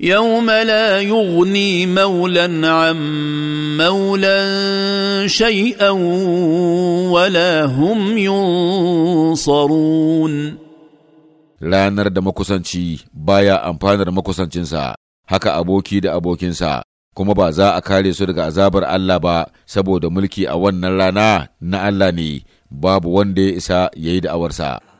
يوم لا يغني مولى عن مولى شيئا ولا هم ينصرون ranar da makusanci baya amfanar makusancinsa haka aboki da abokinsa kuma ba za a kare su daga azabar Allah ba saboda mulki a wannan rana na Allah ne babu wanda ya isa ya yi da'awarsa.